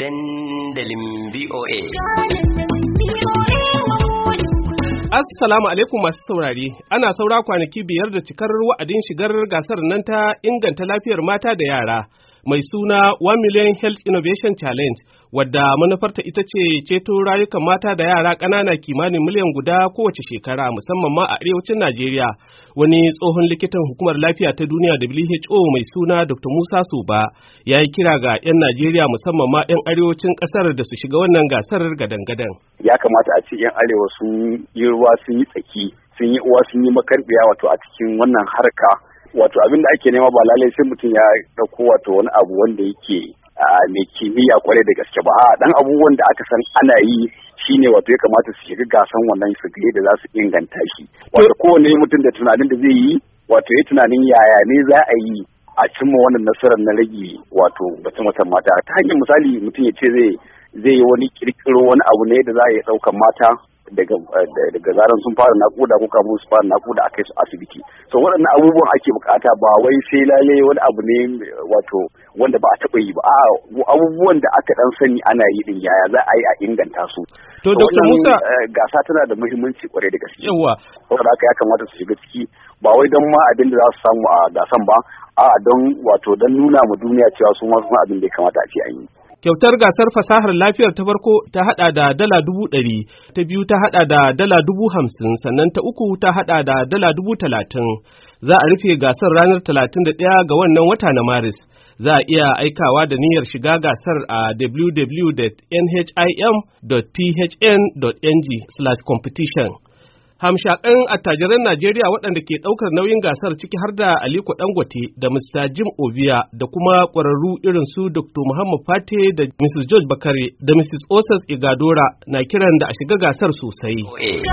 dandalin VOA. Assalamu alaikum masu saurari, ana saura kwanaki biyar da cikar wa'adin shigar gasar nan ta inganta lafiyar mata da yara mai suna One Million Health Innovation Challenge wadda manufarta ita ce ceto rayukan mata da yara ƙanana kimanin miliyan guda kowace shekara musamman ma a arewacin Najeriya wani tsohon likitan hukumar lafiya ta duniya WHO mai suna Dr. Musa Suba ya yi kira ga 'yan Najeriya musamman ma 'yan arewacin ƙasar da su shiga wannan gasar gadan-gadan. Ya kamata a ce 'yan arewa sun yi ruwa sun yi tsaki sun yi uwa sun yi makarbiya wato a cikin wannan harka wato abin da ake nema ba lalai sai mutum ya ɗauko wato wani abu wanda yake mai kimiyya kwarai da gaske ba a dan abubuwan da aka san ana yi shine wato ya kamata su shiga gasan wannan su da za su inganta shi wato kowane mutum da tunanin da zai yi wato ya tunanin yaya ne za a yi a cimma wannan nasarar na rage wato batun watan mata ta hanyar misali mutum ya ce zai yi wani kirkiro wani abu ne da za a yi ɗaukar mata daga zaran sun fara nakuda ko kamun su fara nakuda a kai su asibiti so waɗannan abubuwan ake bukata ba wai sai lalle wani abu ne wato wanda ba a taɓa yi ba a abubuwan da aka dan sani ana yi din yaya za a yi a inganta su to dr musa eh, gasa tana da muhimmanci kwarai da gaske yawa saboda haka ya kamata su shiga ciki ba wai don ma abin da za su samu a gasan ba a don wato don nuna ma duniya cewa su ma suna abin da ya kamata a ce an yi Kyautar gasar fasahar lafiyar ta farko ta hada da dala dubu ɗari, ta biyu ta hada da dala dubu hamsin, sannan ta uku ta hada da dala dubu talatin. Za a rufe gasar ranar talatin da ɗaya ga wannan wata na Maris. Za a iya aikawa da niyyar shiga gasar a www.nhim.phn.ng/competition. hamshakan attajiran Najeriya waɗanda ke ɗaukar nauyin gasar ciki har da Aliko Dangote da Mr. Jim Obia da kuma ƙwararru irin su Dr. Muhammad Fate da Mrs. George Bakare da Mrs. Osas Igadora na kiran da a shiga gasar sosai.